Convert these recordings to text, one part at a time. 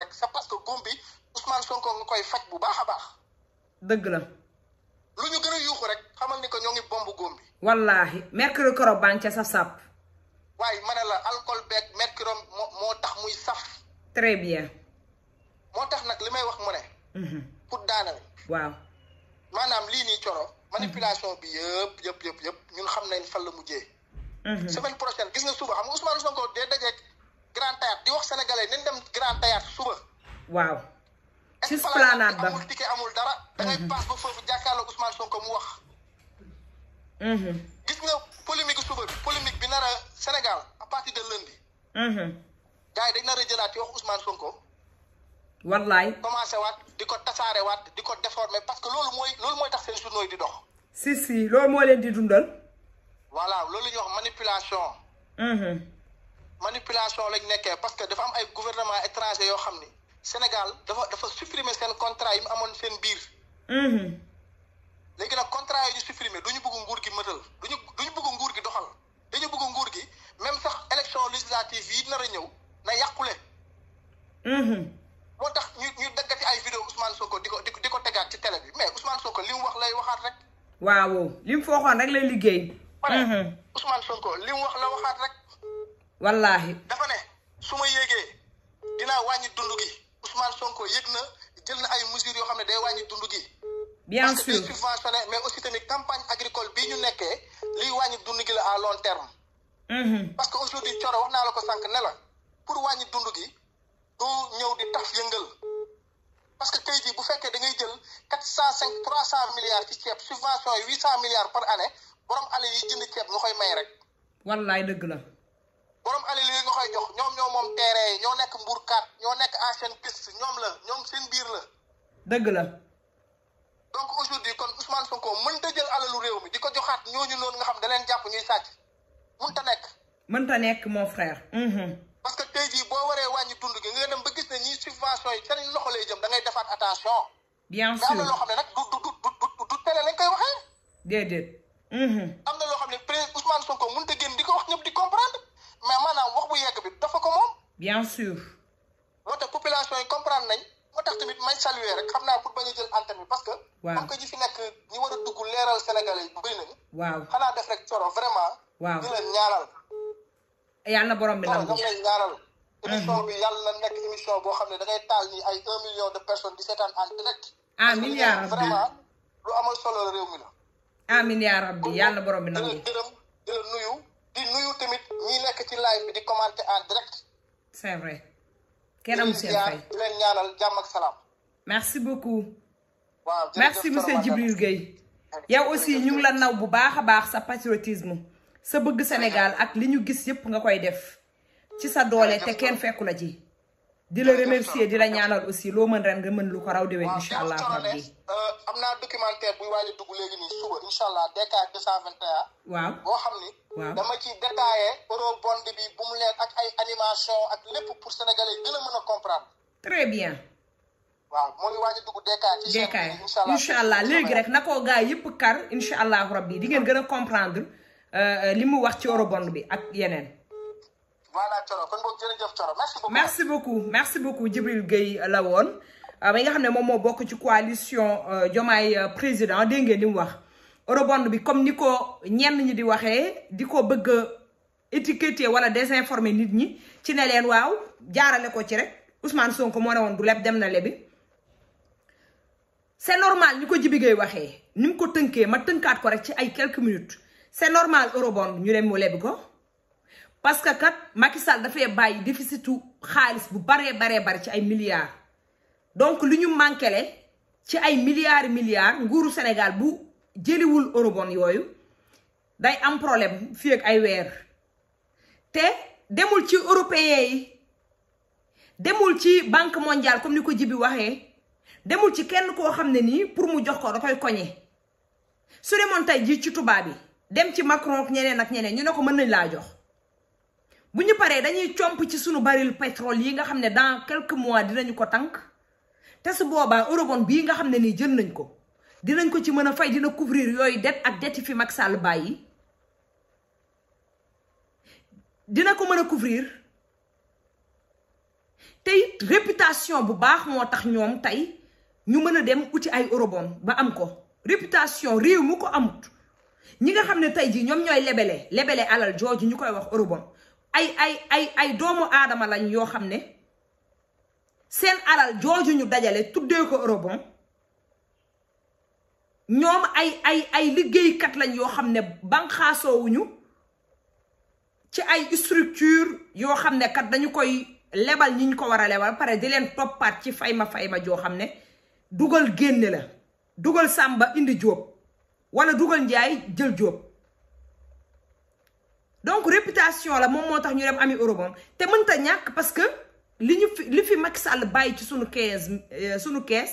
rek c'est parce que góom bi Ousmane Sonko nga koy faj bu baax a baax. dëgg la. lu ñu gën a yuuxu rek xamal ni ko ñoo ngi bomb góom bi. wallaahi mercure korob baa ngi ca saf-saf. waaye ma la alcool beeg mercure moo tax muy saf. très bien. moo tax nag li may wax mu ne. Mhm. pour daanal. waaw. maanaam lii nii coro. Mhm. manipulation bi yëpp yëpp yëpp yëpp ñun xam nañ fan la mujjee. Mhm. semaine prochaine gis nga suba xam nga Ousmane Sonko dee dajeeg. grand théâtre di wax sénégalais nañ dem grand théâtre suba. waaw. ci ba amul ticket amul dara. da ngay mhm. ba foofu jàkkaarloo Ousmane Sonko mu wax. Mhm. gis nga polémique suba bi polémique bi nar Sénégal à partir de lundi. Mhm. gars yi dañ nar a jëlaat yi wax Ousmane Sonko. wallaay commencé waat di ko tasaare waat di ko déformer parce que loolu mooy loolu mooy tax seen journaux di dox. si si loolu moo leen di dundal. voilà loolu ñuy wax manipulation. manipulation lañ nekkee parce que dafa am ay gouvernement étranger yoo xam ni Sénégal dafa dafa supprimer seen contrat yi mu amoon seen biir. Mhm. léegi nag contrat yi ñu supprimer du ñu bëgg nguur gi mëtal du ñu bëgg nguur gi doxal dañu bëgg nguur gi même sax élection législative yi nar a ñëw na yàqule. Mhm. moo tax ñu ñu daggati ay vidéo Ousmane Sonko di ko di ko tegaat ci tele bi mais Ousmane Sonko li mu wax lay waxaat rek. waaw li mu fooxoon rek lay liggéey. pare mhm. li mu rek. wallaahi. dafa ne su ma yéegee dinaa wàññi dund gi Ousmane Sonko yëg na jël na ay mesures yoo xam ne day wàññi dund gi. bien sûr parce que aussi tamit campagne agricole bii ñu nekkee liy wàññi dund gi la à long terme. Mhm. parce que aujourd'hui Thioro wax naa la ko sànq ne la pour wàññi dund gi du ñëw di tax yëngal. parce que tey jii bu fekkee da ngay jël quatre cent cinq trois cent milliards ci ceeb subvention yi huit cent milliards par anne borom ale yi jënd ceeb nga koy may rek. wallaay dëgg la. borom alal yi nga koy jox ñoom ñoo moom terrain yi ñoo nekk mbuurkat ñoo nekk ancienne piste ñoom la ñoom seen biir la. dëgg la. donc aujourd'hui kon Ousmane Sonko mënta jël alalu réew mi di ko joxaat ñooñu noonu nga xam da leen jàpp ñuy sàcc mënta nekk. mënta nekk mon frère. Mhm. parce que tey jii boo waree wàññi dund gi nga dem ba gis ne ñi subvention yi seen loxo lay jëm da ngay defaat attention. bien sûr mais na loo xam ne nag du du du du du télé lañ koy waxee. déedéet. Mhm. am na loo génn di ko wax ñëpp di comprendre. mais maanaam wax bu yegg bi dafa ko moom. bien sûr. moo tax population yi comprendre nañ. moo tax tamit may saluer rek xam naa pour bañ a jël antenne bi parce que. waaw comme que fi nekk ñi war a dugg leeral Sénégalais def rek coro vraiment. waaw di leen ñaaral. yàlla na borom bi nangu. waaw ñoom émission bi yàlla na nekk émission boo xam ne dangay taal ni ay un million de personnes di seetaan en direct. amiin ah, yaa rabbi vraiment lu amal solo la réew mi la. amiin ah, yaa rabbi yàlla borom bi nangu. di la nuyu. di nuyu tamit ñi nekk ci live bi di commenter merci beaucoup. waaw merci monsieur Djibril Gueye. yow aussi ñu la naw bu baax a baax sa patriotisme sa bëgg senegal ak li ñu gis yépp nga koy def ci sa doole te kenn fekku la ci. di la remercier di la ñaanal aussi loo mën ren nga mën lu ko raw déwén incha allah rabbi euh, am naa documentaire buy waaj a dugg léegi nii suba incha allah DK 221 waaw boo xam ni waaw dama ciy détaillé eurobond bi bu mu leen ak ay animation ak lépp pour sénégalais yi gën a mën a comprendre très bien waaw moo ngi waaj a dugg DK ci DK incha allah léegi rek na koo gaa yëpp kar incha allah rabbi di ngeen gën a comprendre euh, euh, li mu wax ci eurobond bi ak yeneen voilà Thioro kon boog jërëjëf merci beaucoup. merci beaucoup merci beaucoup la woon euh, mi nga xam ne moom moo bokk ci coalition euh, Diomaye euh, président dégg ngeen li mu wax. eurobond bi comme ni ko ñenn ñi di waxee di ko bëgg a étiqueté wala désinformer nit ñi ci ne leen waaw jaarale ko ci rek Ousmane Sonko moo ne woon du leb dem na lebi. c'est normal ni ko Djibi Gueye waxee ni mu ko tënkee ma tënkaat ko rek ci ay quelques minutes c'est normal eurobond ñu dem mu lebi ko. parce que kat Macky Sall dafay bàyyi déficitu xaalis bu baree baree bare ci ay milliards donc lu ñu manquele ci ay milliards milliards nguuru Sénégal bu jëliwul eurobond yooyu day am problème fii ak ay weer te demul ci européen yi demul ci banque mondiale comme ni ko jibi waxee demul ci kenn koo xam ne nii pour mu jox ko dafay koñe su demoon tey ji ci tubaab yi dem ci Macron ak ñeneen ak ñeneen ñu ne ko mën nañ laa jox bu ñu paree dañuy comp ci sunu baril pétrole yi nga xam ne dans quelques mois dinañu ko tànk te su boobaa eurobond bii nga xam ne nii jën nañ ko dinañ ko ci mën a fay dina couvrir yooyu dette ak dette fi mag sàll bàyyi dina ko mën a couvrir te it réputation bu baax moo tax ñoom tey ñu mën a dem uti ay eurobond ba am ko réputation réew mu ko amut ñi nga xam ne tey jii ñoom ñooy lebele lebele alal jooju ñu koy wax eurobond ay ay ay ay doomu aadama lañ yoo xam ne seen alal jooju ñu dajale tuddee ko eurobond ñoom ay ay ay liggéeykat lañ yoo xam ne banqaasoowuñu ci ay structure yoo xam ne kat dañu koy lebal ñi ñu ko war a lebal pare di leen toppaat ci fayma fayma joo xam ne dugal génne la dugal sàmba indi jóob wala dugal njaay jël jóob donc réputation la moom moo tax ñu dem ami eurobond te mënta ñàkk parce que li ñu fi li fi Macky Sall bàyyi ci sunu kees suñu kees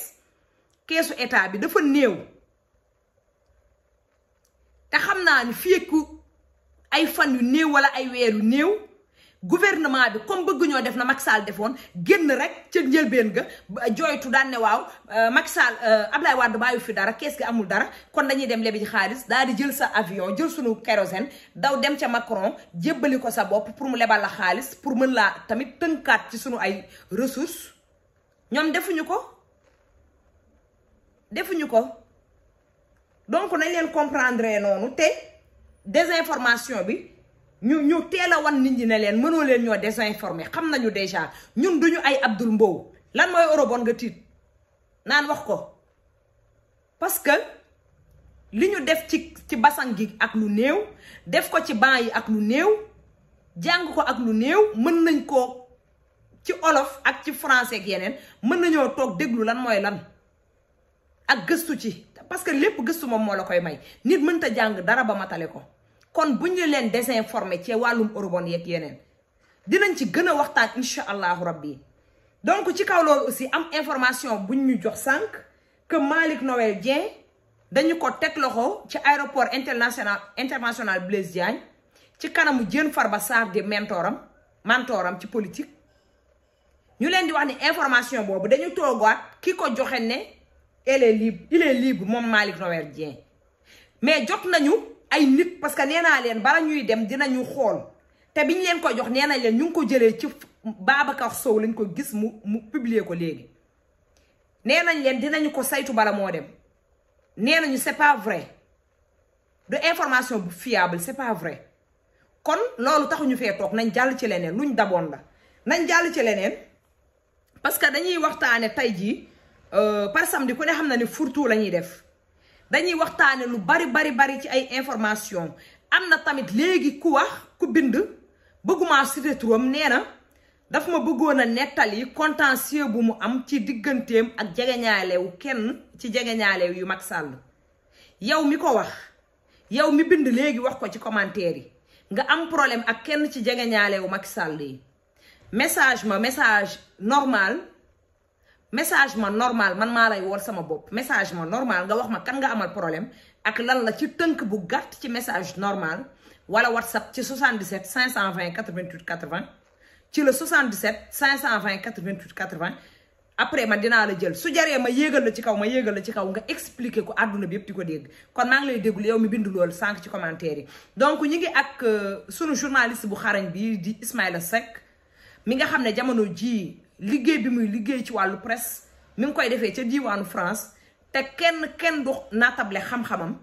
keesu état bi dafa néew te xam naa ni fii ku ay fan yu néew wala ay weer yu néew gouvernement bi comme bëgguñoo def na Macky Sall defoon génn rek ca njëlbeen ga jooytu daan ne waaw euh, Macky Sall euh, Ablaye Wade bàyyi fi dara kees gi amul dara kon dañuy dem lebi ji xaalis daal di jël sa avion jël sunu kérosène daw dem ca Macron jébbali ko sa bopp pour mu lebal la xaalis pour mën laa tamit tënkaat ci sunu ay ressources ñoom defuñu ko defuñu ko donc nañ leen comprendre noonu te désinformation bi. ñu ñu teel a wan nit ñi ne leen mënoo leen ñoo désinformé xam nañu déjà ñun duñu ay Abdoul Mbow lan mooy eurobond nga tiit naan wax ko parce que li ñu def ci ci basan gi ak lu néew def ko ci ban yi ak lu néew jàng ko ak lu néew mën nañ ko ci olof ak ci français yeneen mën nañoo toog déglu lan mooy lan ak gëstu ci parce que lépp gëstu moom moo la koy may nit mënta jàng dara ba matale ko kon bu ñu leen désinformé ci wàllum eurobond yeeg yeneen dinañ ci gën a waxtaan incha allahu rabbi donc ci kaw loolu am information buñ ñu jox sànq que Malick Noël Dieng dañu ko teg loxo ci aéroport international international Blaise Diagne ci kanamu Diène Farba Sarr di mentoram mentoram ci politique ñu leen di wax ni information boobu dañu toogaat ki ko joxe ne elle est libre il libre moom Malick Noël Dieng mais jot nañu. ay nit parce que nee leen bala ñuy dem dinañu xool te biñ leen ko jox nee nañ leen ñu ngi ko jëlee ci wax Sow lañ ko gis mu mu publier ko léegi nee nañ leen dinañu ko saytu bala moo dem nee nañu c'est pas vrai du information bu fiable c'est pas vrai kon loolu taxuñu fee toog nañ jàll ci leneen luñ daboon la nañ jàll ci leneen parce que dañuy waxtaane tey jii euh, par samedi ku ne xam na ni furtu la ñuy def dañuy waxtaane lu bari bari bari ci ay information am na tamit léegi ku wax ku bind bëgguma cité turam nee na ma bëggoon a nettali contentieux bu mu am ci digganteem ak jegeñaalewu kenn ci jegeñaalew yu mag sàll yow mi ko wax yow mi bind léegi wax ko ci commentaire yi nga am problème ak kenn ci jegeñaalewu Macky Sall yi message ma message normal message ma normal man maa lay woon sama bopp message ma normal nga wax ma kan nga amal problème ak lan la ci tënk bu gàtt ci message normal wala whatsapp ci 77 520 88 80 ci le 77 520 88 80 après ma dinaa la jël su jaree ma yéegal la ci kaw ma yéegal la ci kaw nga expliquer ko àdduna bi yëpp di ko dégg kon maa ngi lay déglu yow mi bindu lool sànq ci commentaire yi donc ñi ngi ak euh, sunu journaliste bu xarañ bi di Ismaïla Seck mi nga xam ne jamono jii liggéey bi muy liggéey ci wàllu presse mi ngi koy defee ca diiwaanu France te kenn kenn du naatable xam-xamam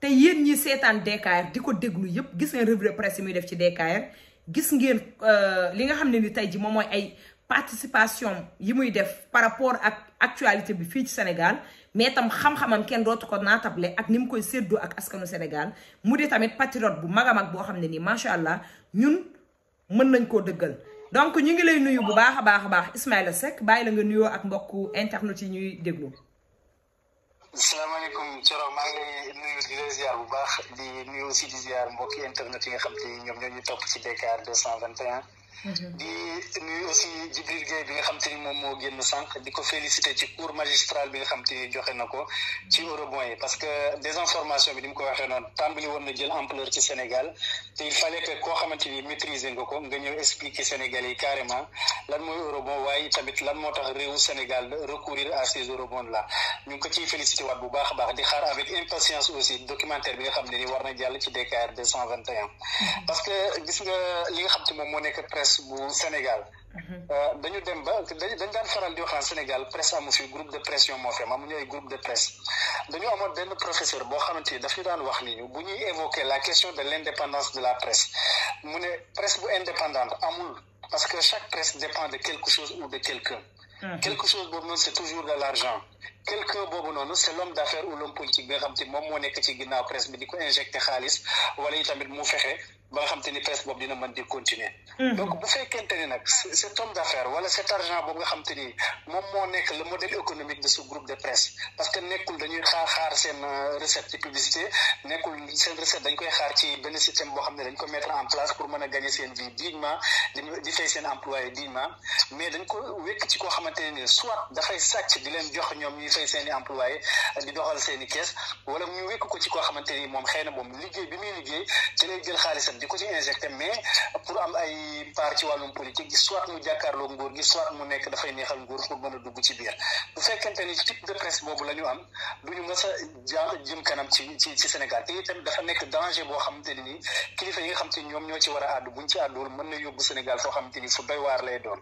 te yéen ñi seetaan DKR di ko déglu yëpp gis ngeen revue yi muy def ci DKR gis ngeen euh, li nga xam ne ni tey ji moom mooy ay participation yi muy def par rapport ak actualité bi fii ci Sénégal mais tam xam-xamam kenn dootu ko naatable ak ni mu koy séddoo ak askanu Sénégal mu di tamit patriote bu mag a mag boo xam ne nii macha allah ñun mën nañ koo dëggal donc ñu ngi lay nuyu bu baax a baax a baax Ismaïla Seck bàyyi la nga nuyoo ak mbokku internet yi ñuy déglu. salaamaaleykum Thioro maa ngi lay nuyu di la ziar bu baax di nuyu aussi di ziar mbokki internet yi nga xam te ñoom ñoo ñu topp ci Dakar 221. Mm-hmm. di nuyu aussi bi nga xam te ni moom di ko félicité ci cours magistral bi nga xam te ni joxe na ko ci mm-hmm. eurobond yi parce que désinformation bi ni mu ko waxee noonu tàmbali woon na jël ampleur ci Sénégal te il fallait que koo xamante ni maîtriser nga ko nga ñëw expliquer Sénégalais yi carrément lan mooy eurobond waaye tamit lan moo tax réewu Sénégal recourir à ces eurobonds là ñu ngi ko ciy félicité waat bu baax a baax di xaar avec impatience aussi documentaire bi nga xam ni war na jàll ci presse bu Sénégal. Euh, dañu dem ba dañ daan faral di waxaan Sénégal presse amu fi groupe de presse yoo moo fi am amuñu ay groupe de presse dañu amoon benn professeur boo xamante ni daf ñu daan wax ni ñu bu ñuy évoquer la question de l' indépendance de la presse mu ne presse bu indépendante amul parce que chaque presse dépend de quelque chose ou de quelqu'un quelque chose boobu noonu c'est toujours de l' argent. quelqu'un boobu noonu c'est l'homme d'affaires ou l'homme politique bi nga xam te moom moo nekk ci ginnaaw presse bi di ko injecté xaalis wala yi mu fexe ba nga xam te ni presse boobu mhm. nga xam te ni moom moo nekk le modèle économique de ce groupe de presse parce que nekkul dañuy xaar xaar seen euh, recette ci publicité nekkul seen recette dañ koy xaar ci benn système boo xam ne dañ ko mettre en place pour mën a gagner seen vie dignement di fay seen ñoom ñuy fay seen i employé eh, di i kees wala ñu ni moom xëy na moom liggéey bi muy liggéey ci lay jël xaalisam di ko ci injecté mais pour am ay part ci wàllum politique gi soit mu jàkkaarloo nguur gi mu nekk dafay neexal nguur pour mën a dugg ci biir bu fekkente ni type de presse boobu la ñu am du ñu mës a jàng kanam ci ci ci Sénégal te itam dafa nekk danger boo xamante ni nii kilifa yi nga xam te ñoom ñoo ci war a àddu buñ ci àdduwul mën na yóbbu Sénégal foo xamante ni fu doy waar lay doon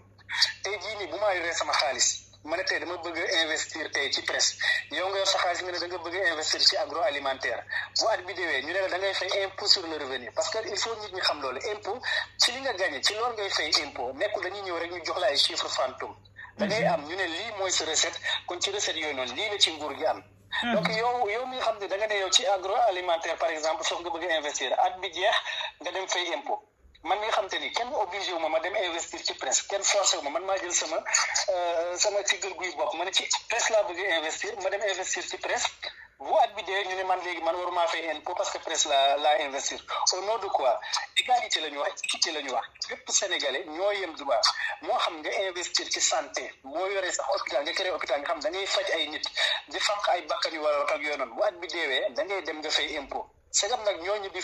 tey jii nii bu ma yoree sama xaalis ma ne tey dama bëgg a investir tey ci presse yow nga yor si xaalis nga ne da nga bëgg a investir ci agroalimentaire bu at bi déwee ñu ne la da ngay fay sur le revenu parce que il faut nit ñi xam loolu impôt ci li nga gagné ci loolu ngay fay impôt nekkul dañuy ñëw rek ñu jox la ay chiffres fantôme da ngay am ñu ne lii mooy sa recette kon ci recette yooyu noonu lii la ci nguur gi am hmm. donc yow yow mi xam ne danga nga ne yow ci alimentaire par exemple foofu nga bëgg a at bi jeex nga dem fay impôt man kenn obligé wu ma ma dem investir ci presse kenn forcé wu ma man maa jël sama euh, sama ci gër guy bopp ma ne ci presse laa bëgg investir ma dem investir ci presse bu at bi dee ñu ne man léegi man waruma fay impôt parce que presse la la investir au nom de quoi égalité la ñu wax équité la ñu wax lépp sénégalais ñoo yem droit moo xam nga investir ci santé boo yoree sax hôpital nga créé hôpital nga xam da ngay faj ay nit di fanq ay bakkan yu war a ak yooyu noonu bu at bi deewee da ngay dem nga fay impôt segam nag ñooñu di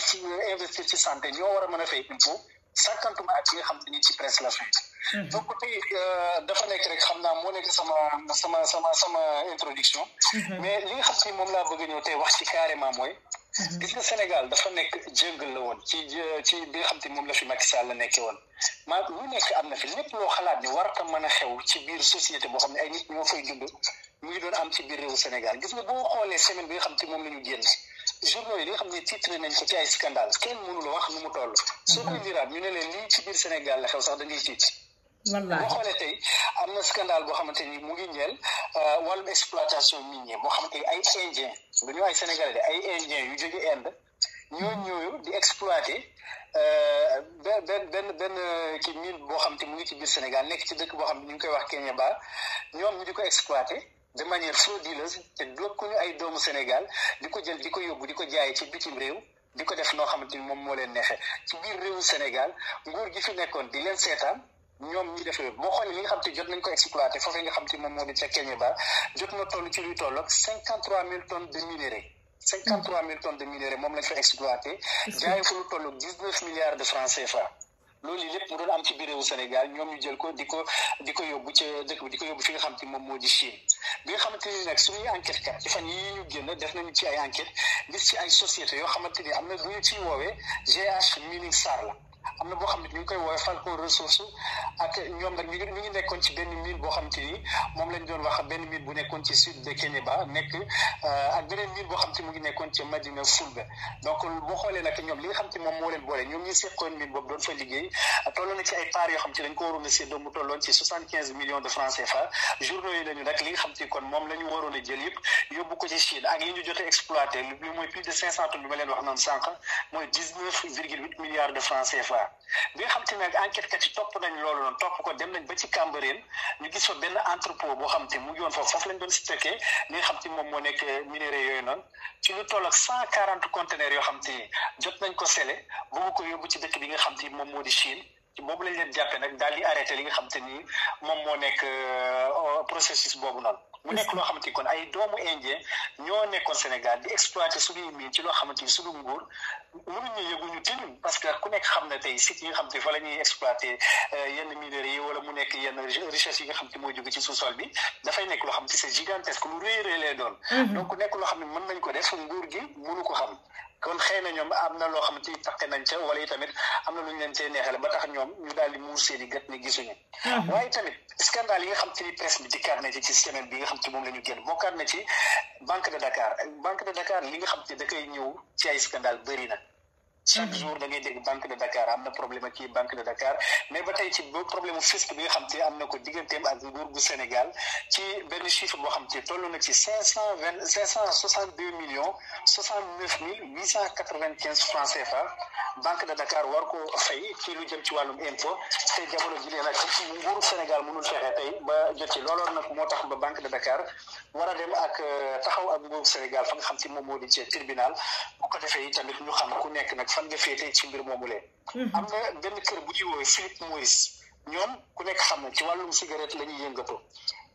investir ci santé ñoo war a mën a fay impôt sàkkantuma ak yi nga xam te ni ci presse la fi mhm. donc tey euh, dafa nekk rek xam naa moo nekk sama sama sama sama introduction mhm. mais li nga xam te moom laa bëgg ñëw tey wax ci carrément mooy mhm. Sénégal dafa nekk jëngal la woon ci ci bi xam te ni la fi Macky Sall la nekkee woon maa lu nekk am na fi lépp loo xalaat ni war a tam mën a xew ci biir société boo xam ne ay nit ñoo fay judd mu ngi doon am ci biir réewu Sénégal gis nga boo xoolee semaine bi nga xam te moom la ñu génn journaux yi xam ne titre nañ ko ci ay skandaal kenn mënul wax nu mu toll. soo koy liraat ñu ne leen lii ci biir Sénégal la xew sax da ngay tiit. wallaahi boo xoolee tey am na scandale boo xamante ni mu ngi ñeel euh, wàllum exploitation minier boo xamante ni ay indien du ñu ay sénégalais de ay indien yu jóge Inde ñoo ñooyu di exploité euh, benn benn benn benn kii mine boo xam te mu ngi ci biir Sénégal nekk ci dëkk boo xam ne ñu ngi koy wax Kéniéba ñoom ñu di ko exploité. de manière frauduleuse te dokkuñu ay doomu Sénégal di ko jël di ko yóbbu di ko jaay ci bitim réew di ko def noo xamante ni moom moo leen neexee ci biir réewu Sénégal nguur gi fi nekkoon di leen seetaan ñoom ñi def yooyu boo xoolee li nga xam te jot nañ ko exploité foofee nga xam te moom moo di ca Kenya ba jot na toll ci luy toll ak cinquante trois mille tonnes de minerais cinquante trois mille de minerais moom lañ fa exploité jaay fu lu toll dix neuf milliards de francs CFA loolu lépp mu doon am ci biir réewu Sénégal ñoom ñu jël ko di ko di ko yóbbu ca dëkk bi di ko yóbbu fi nga xam te moom moo di Chine bi nga xamante ni nag suñuy enquête kat ci fan yii ñu génn def nañu ci ay enquête gis ci ay société yoo xamante ni am na lu ñu ciy woowee GH Mining Sarr am na boo xam ne ñu ngi koy woowee Falcon ressource ak ñoom nag ñu ngi nekkoon ci benn mine boo xam te ni moom lañ doon wax benn mine bu nekkoon ci sud euh, mu ngi nekkoon ci Madina Fulbe moom moo boole ñoom ñi seqoon mine boobu doon fa liggéey tolloon ci ay parts yoo xam te dañ ko waroon ci soixante de francs CFA journaux yi lañu nag li nga xam te kon moom la waroon a jël yëpp yóbbu ko ci Chine ak yi ñu jotee exploité mooy plus de cinq cent milliards de francs CFA territoire bi nga xam te ne nag enquêtekat yi topp nañ loolu noonu topp ko dem nañ ba ci Cambérène ñu gis fa benn entrepôt boo xam te mu ngi woon foofu foofu lañ doon stocké li nga xam te moom moo nekk minerais yooyu noonu ci lu toll ak cent quarante conteneurs yoo xam te jot nañ ko sele bëgg ko yóbbu ci dëkk bi nga xam te moom moo di Chine ci boobu lañ leen jàppee nag daal di arrêté li nga xamante ni moom moo nekk euh, processus boobu noonu. mu nekk loo xamante ni kon ay doomu indien ñoo nekkoon Sénégal di exploité suñuy miin ci loo xamante ni suñu nguur nu yëgu ñu tënum parce que ku nekk xam na tey sites yi nga xam te fa la ñuy exploité euh, yenn minerais yi wala mu nekk yenn richesse yi nga xam te mooy jóge ci sous-sol bi dafay nekk loo xam te c'est gigantesque lu rëy a doon. Mm-hmm. donc nekk loo xam ne mën nañ ko def nguur gi mënu ko xam. kon xëy na ñoom am na loo xamante ni taqe nañ ca wala tamit am na lu ñu leen cee neexale ba tax ñoom ñu daal di muur seeni gët ni gisuñu mhm. waaye tamit scandale yi nga xam te ni presse bi dikkaat na ci ci semaine bi nga xam te moom la ñu génn bokkaat na ci Banque de Dakar Banque de Dakar li nga xam te da koy ñëw ci ay scandale bëri na chaque mhm. jour da ngay dégg banque de Dakar am na problème ak kii banque de Dakar mais ba tey ci ba problème fisc bi nga xam te am na ko digganteem ak nguur gu Sénégal ci benn chiffre boo xam te toll na ci cinq cent vingt cinq cent soixante deux millions soixante neuf mille huit cent quatre vingt quinze francs CFA lu jëm ci wàllum impôt te jamono ji lee nag nguuru Sénégal mënul fexe tey ba jot ci moo tax ba banque de Dakar war a dem ak euh, taxaw ak nguuru Sénégal fa nga xam te moom moo di ci tribunal bu ko defee tamit ñu xam ku nekk na fan nga féetee ci mbir moomu leen. Mhm. am na benn kër bu ñuy woowee Philippe Maurice ñoom ku nekk xam na ci wàllum cigarette la ñuy yëngatoo.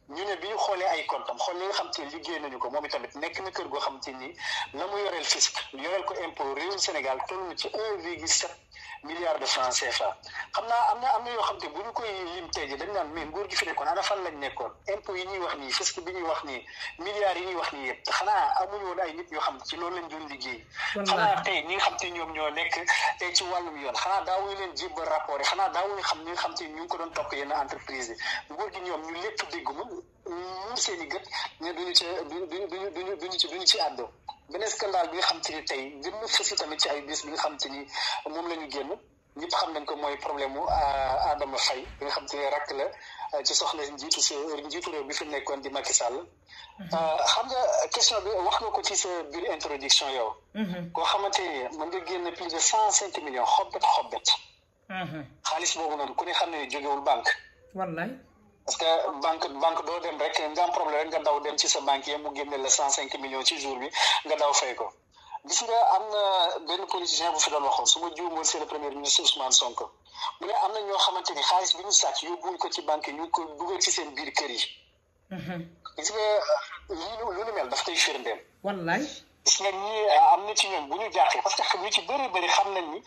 ñu ne bi ñu xoolee ay comptam xool li xam te liggéey nañu ko moom itamit nekk na kër goo xam te ni la mu yoreel fisc yoreel ko impôt réewum Sénégal toll na ci un virgule sept milliards de francs CFA xam naa am na am na yoo xam te bu ñu koy lim tey ji dañ naan mais nguur gi fi nekkoon ana fan lañ nekkoon impôt yi wax nii fisc bi ñuy wax nii milliards yi wax nii yëpp xanaa amuñu woon ay nit yoo xam ci loolu lañ doon liggéey xanaa tey xam te ñoom ñoo nekk tey ci wàllum yoon xanaa daawuñu leen jébbal rapport xanaa daawuñu xam ñi nga xam te ñu ngi ko doon topp yenn entreprise yi nguur gi ñoom ñu lépp dégg muur seen i gët ne duñu ci duñu duñu beneen scandale bi nga xam te ni tey gën na ay bis bi nga xam te ni moom la ñu génn ñëpp xam nañ ko mooy problème mu ah, Adama Faye bi nga rakk la ah, ci soxla njiitu si njiitu réew bi fi nekkoon di Macky Sall. Mhm. Ah, xam nga question bi wax nga ko ci sa biir introduction yo mhm. koo xamante ni mën nga génn plus de cent cinq millions xobbet xobbet. Mhm. xaalis boobu noonu ku ne xam ne jógewul banque. wallaay. parce que banque banque doo dem rek nga am problème rek nga daw dem ci sa banque yi mu génne la ci jour bi nga daw fay ko gis nga am na benn politicien bu su ma juumul c'est le premier ministre Ousmane Sonko mu ne am na ñoo xamante ni xaalis bi ñu sàcc yóbbuwuñ ko ci banque ñu ko ci seen biir kër yi mhm. gis nga lii lu lu mel daf koy firndeel wallaay gis nga ñi ah, am na ci ñoom bu ñu jàqee parce que ñu ci bëri bëri xam nañ ni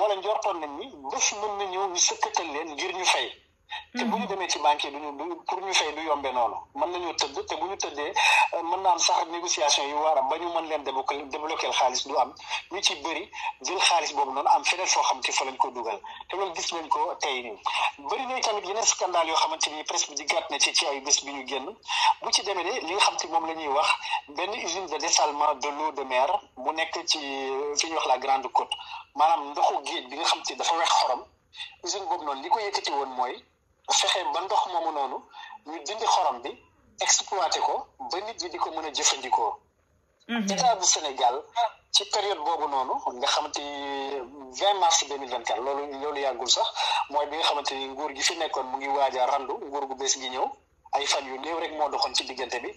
wala njortoon nañ ni bés mën na ñëw te bu ñu hmm. demee ci banque yi du ñu pour ñu fay du yombe noonu man lañoo tëdd te bu ñu tëddee euh, mën naa am sax négociation yu war a ba ñu mën leen débloquer xaalis du am ñu ci bëri jël xaalis boobu noonu am feneen foo xam te fa lañ ko dugal te loolu gis nañ ko tey nii bëri na tamit yeneen scandale yoo xamante ni presse bi di gàtt na ci ci ay bés bi ñu génn bu ci demee ni li nga xam te moom la ñuy wax benn usine de dessalement de l'eau de mer bu nekk ci euh, fi ñuy wax la Grande Côte maanaam ndoxu géej bi nga xam te dafa wex xorom usine boobu noonu li ko yëkkati woon mooy bu fexe ba ndox moomu noonu ñu dindi xorom bi exploité ko ba nit yi di ko mën a jëfandikoo mhm. état ci période boobu noonu nga xamante ni vingt mars deux mille vingt quatre loolu loolu yàggul sax mooy bi nga xamante ni nguur gi fi nekkoon mu ngi waaj a randu nguur gu bees ngi ñëw ay fan yu néew rek moo doxoon ci diggante bi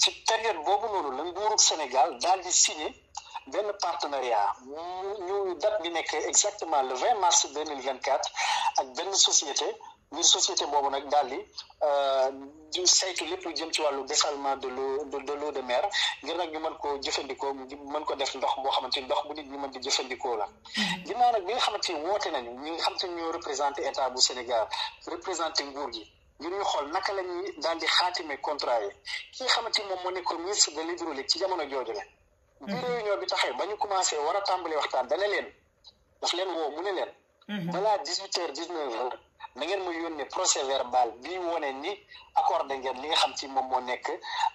ci période boobu noonu la nguurug Sénégal daal di signé benn partenariat ñu date bi nekk exactement le 20 mars 2024 ak benn société ngir société boobu nag daal di euh, du saytu lépp lu jëm ci wàllu dessalement de l'eau de l'eau de mer ngir nag ñu mën ko jëfandikoo mën ko def ndox boo xamante ni ndox bu nit ñu man di jëfandikoo la mm-hmm. ginnaaw nag bi nga xamante ni woote nañu ñi nga xamante ni ñoo représenté état bu Sénégal représenté nguur gi ngir ñu xool naka la ñuy daal di xaatime contrat yi ki nga xamante ni moom moo nekkoon ministre de l'hydraulique ci jamono jooju la bi hmm. réunion bi taxee ba ñu commencé war a tàmbali waxtaan dana leen daf leen woo mu ne leen. Hmm. balaa dix huit heures dix neuf heures na ngeen ma yónnee procès verbal bi wone ni accordé ngeen li nga xam ci moom moo nekk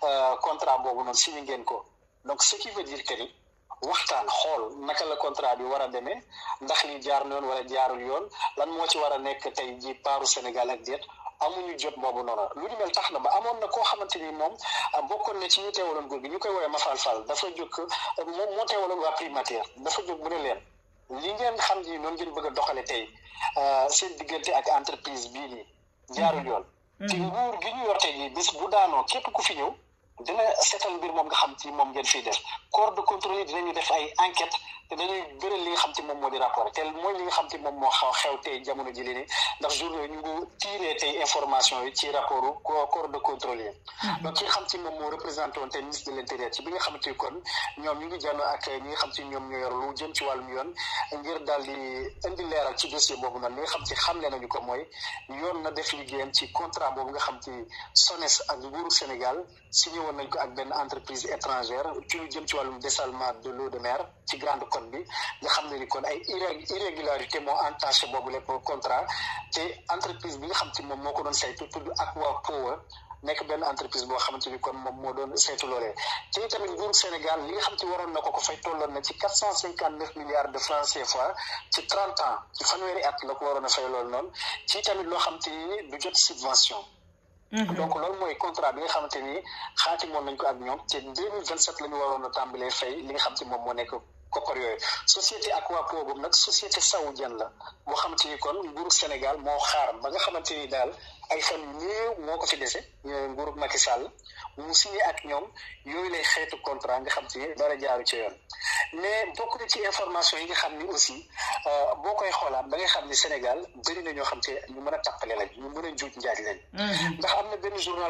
euh, contrat boobu noonu signé ngeen ko donc ce qui veut dire que waxtaan xool naka la contrat bi war a demee ndax li jaar na yoon wala jaarul yoon lan moo ci war a nekk tey ji paaru Sénégal ak déet amuñu jot boobu noonu lu ñu mel tax na ba amoon na koo xamante ni moom ah, bokkoon na ci ñu teewaloon góor gi ñu koy woowee Mafal Fall dafa jóg moom ah, moo teewaloon waa primature dafa jóg mu ne leen li ngeen xam ni noonu ngeen bëgg a doxale tey ah, seen diggante ak entreprise bii nii jaarul yoon. te mm-hmm. nguur gi ñu yor tey bis bu daanoo képp ku fi ñëw. dina seetal mbir moom nga xam ci moom ngeen fiy def corps de contrôle yi dinañu def ay enquête te dañuy bëral li nga xam te moom moo di rapport te mooy li nga xam te moom moo xaw yi ñu ngi tiiree tey information yi ci rapport corps de contrôle yi mm-hmm. donc ki nga xam te moom moo représenté woon tey ministre de l' intérieur ci bi nga xamante kon ñoom ñu ngi jànno ak ñi nga xam te ñoom ñoo yor lu jëm ci wàllum yoon ngir daal indi leeral ci dossier boobu noonu li nga xam te xamle nañu ko mooy yoon na def liggéeyam ci contrat boobu nga xam te SONES ak nguuru Sénégal woon nañ ko ak benn entreprise étrangère ci lu jëm ci wàllum dessalement de l'eau de mer ci grande côte bi nga xam ne ni kon ay irrégularité moo entaché boobu lépp contrat te entreprise bi nga xam ci moom moo ko doon saytu tudd Aqua Power benn entreprise boo xamante ni kon moom moo doon saytu loolee ci tamit nguur Sénégal li nga xam ci waroon na ko ko fay tolloon na ci quatre cent cinquante neuf milliards de francs fois ci trente ans ci fanweeri at la ko waroon a fay loolu noonu ci tamit loo xam te ni du jot subvention Mm-hmm. donc loolu mooy contrat bi nga xamante ni xaatimoon nañ ko ak ñoom te deux mille vingt sept la waroon a tàmbalee fay li nga xam te moom moo nekk koppar yooyu société Aquapo boobu nag société saoudienne la boo xamante ni kon nguuru Sénégal moo xaar ba nga xamante ni daal ay fan yu néew moo ko ci dese nguuru Macky Sall si signé ak ñoom yooyu lay xeetu contrat nga xam te ni dara jaaru ci yoon mais bokk na ci information yi nga xam ni aussi euh, boo koy xoolaat ba ngay xam ni Sénégal bëri na ñoo xam te ñu mën a tàppale lañ ñu mën a juuj njaaj lañ mm-hmm. ndax am na benn journal